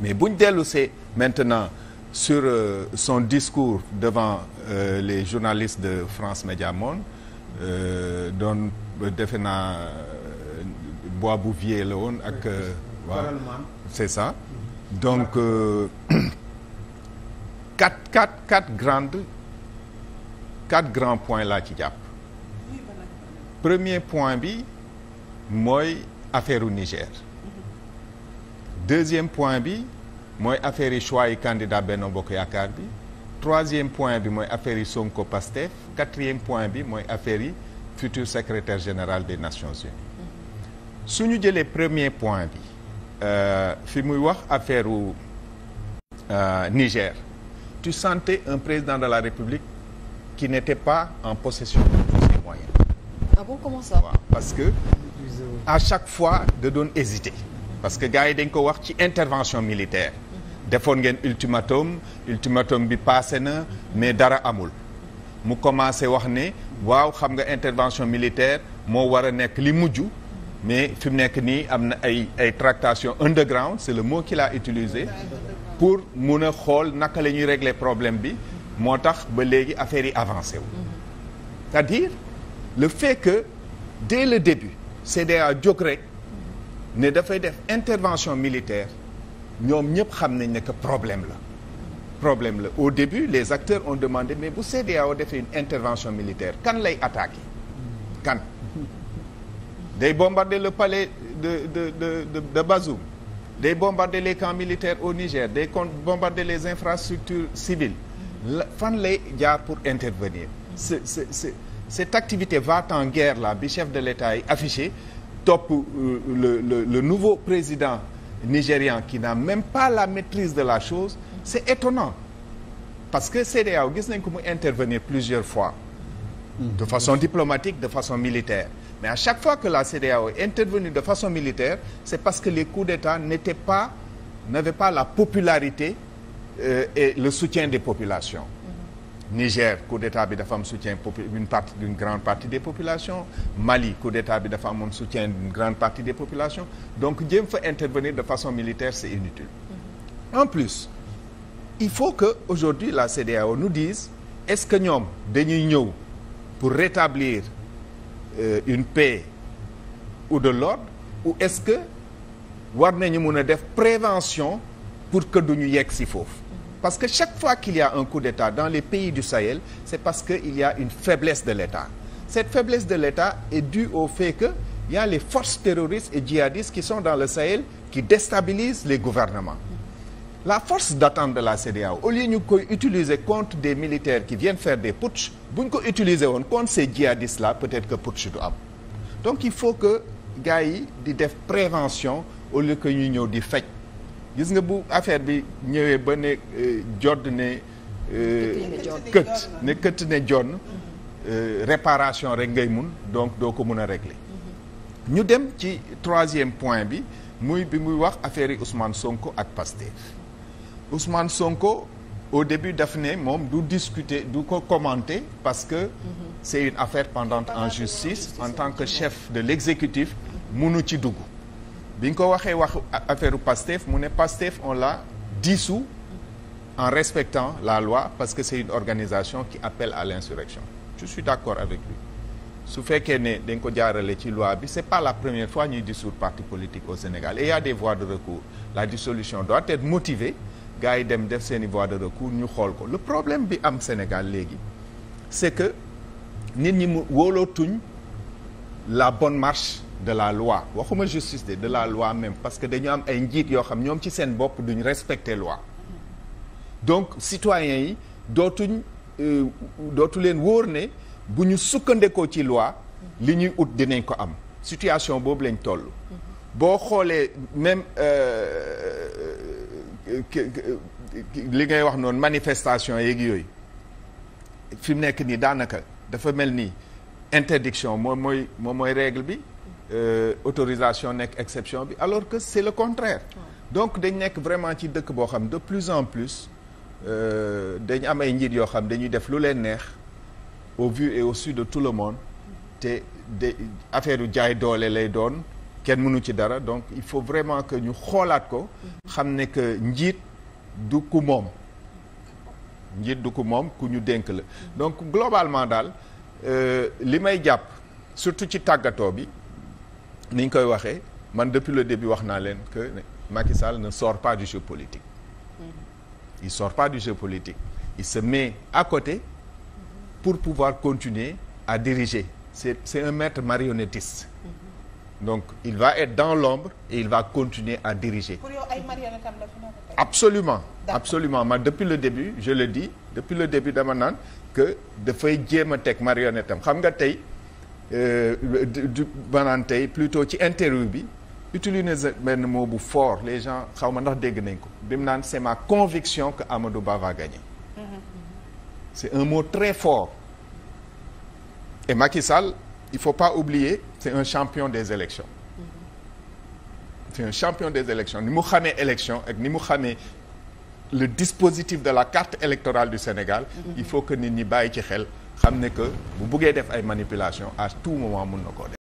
mais bu ñu dellusee maintenant sur euh, son discours devant euh, les journalistes de France Média Monde euh, doon euh, defe naa euh, Boisbouvier la woon ak. waaw c'est ça. donc quatre quatre quatre grandes quatre grands points laa ci jàpp. premier point bi mooy affaire u Niger. deuxième point bi mooy affaire yi choix yi candidat Benno Bokk Yaakaar bi troisième point bi mooy affaire yi Sonko Pastef quatrième point bi mooy affaire yi futur secrétaire général des Nations Unies su ñu jëlee premier point bi euh, fi muy wax affaire u euh, Niger tu sentais un président de la République qui n'était pas en possession de tous ses moyens. Ah parce que à chaque fois de doon hésiter parce que gars yi dañ ko wax ci intervention militaire defoon ngeen ultimatum ultimatum bi passé na mais dara amul mu commencé wax ne waaw xam nga intervention militaire moo war a nekk li mujj mais fi mu nekk nii am na ay ay tractation underground c'est le moo qu'il a utilisé pour mun a xool naka la ñuy régler problème bi moo tax ba léegi affaire yi avancé wu c'est-à-dire le fait que dès le début CEDEAO jóg rek ne dafay def intervention militaire ñoom ñëpp xam nañ ne que problème la problème la au début les acteurs ont demandé mais bu CEDEAO defee une intervention militaire kan lay attaque kan day bombarder le palais de de de de, de Bazoum day bombarder les camps militaires au Niger day bombarder les infrastructures civiles la fan lay jaar pour intervenir ce ce cette activité va-t-en-guerre là bi chef de l'État yi affiché topp euh, le le le nouveau président nigérian qui n'a même pas la maîtrise de la chose c'est étonnant parce que CEDEAO gis nañ ko mu intervenir plusieurs fois de façon diplomatique de façon militaire mais à chaque fois que la CEDEAO est intervenue de façon militaire c'est parce que les coups d'État n'étaient pas n'avaient pas la popularité euh, et le soutien des populations Niger coup d'état bi dafa am soutien une partie d'une grande partie des populations Mali coup d'état bi dafa amoon soutien d'une grande partie des populations donc jéem fa intervenir de façon militaire c'est inutile mm-hmm. en plus il faut que aujourd'hui la CEDEAO nous dise est-ce que ñoom dañuy ñëw pour rétablir euh, une paix ou de l'ordre ou est-ce que war nañu mun a def prévention pour que duñu yegg si foofu Parce que chaque fois qu'il y a un coup d'État dans les pays du Sahel, c'est parce qu'il y a une faiblesse de l'État. Cette faiblesse de l'État est due au fait qu'il y a les forces terroristes et djihadistes qui sont dans le Sahel qui déstabilisent les gouvernements. La force d'attente de la CEDEAO au lieu ñu koy utiliser des militaires qui viennent faire des putsch bu ñu ko utiliser woon contre ces djihadistes là peut-être que putsch du am donc il faut que gars yi di def prévention au lieu que ñu ñëw di fecc gis nga bu affaire bi ñëwee ba ne euh, jodd ne kët ne euh, kët ne jonn euh, réparation rek ngay mun donc doo ko mun a régler mhm. ñu dem ci troisième point bi muy bi muy wax affaire yi Ousmane Sonko ak Pastef Ousmane Sonko au début daf ne moom du discuter du ko commenter parce que mhm. c'est une affaire pendant en justice en tant que chef de l'exécutif mhm. munu ci dugg bi nga ko waxee wax affaire Pastef mu ne Pastef on l'a dissous en respectant la loi parce que c'est une organisation qui appelle à l'insurrection je suis d'accord avec lui su fekkee ne dañ ko jaarale ci loi bi c'est pas la première fois ñuy dissoudre parti politique au Sénégal et il y a des voies de recours la dissolution doit être motivée gars yi dem def seeni voies de recours ñu xool ko le problème bi am Sénégal léegi c'est que nit ñi mu wóolootuñ la bonne marche de la loi waxuma justice de de la loi même parce que dañu am ay njiit yoo xam ñoom ci seen bopp duñ respecte loi donc citoyens yi dootuñ euh, dootu leen wóor ne bu ñu sukkandekoo ci loi li ñuy ut dinañ ko am situation boobu lañ toll boo xoolee même euh, euh, li ngay wax noonu manifestation yeeg yooyu fi mu nekk nii daanaka dafa mel ni interdiction moom mooy moom mooy règle bi Euh, autorisation nekk exception bi alors que c'est le contraire donc dañ nekk vraiment ci dëkk boo xam de plus en plus euh, dañ am ay njiit yoo xam dañuy def lu leen neex au vu et au su de tout le monde te de affaire yu jaay doole lay doon kenn mënu ci dara donc il faut vraiment que ñu xoolaat ko xam ne que njiit du ku moom njiit du ku moom ku ñu dénk la donc globalement daal euh, li may jàpp surtout ci tàggatoo bi ni ñu koy waxee man depuis le début wax naa leen que Macky Sall ne sort pas du jeu politique mm-hmm. il sort pas du jeu politique il se met à côté pour pouvoir continuer à diriger c'est c'est un maître marionnettiste mm-hmm. donc il va être dans l'ombre et il va continuer à diriger absolument absolument man depuis le début je le dis depuis le début dama naan que dafay jéem a teg marionnette am xam nga tey Euh, du maanaam tey plutôt ci interview bi utiliser benn mot bu fort les gens xaw ma ndax dégg nañ ko bi mu naan c'est ma conviction que Amadou Ba va gagner mm-hmm. c'est un mot très fort et Macky il faut pas oublier c'est un champion des élections mm-hmm. c'est un champion des élections ni mu xamee élection ak ni mu xamee le dispositif de la carte électorale du Sénégal mm-hmm. il faut que nit ñi bàyyi ci xel xam ne que bu buggee def ay manipulation à tout moment mun na koo def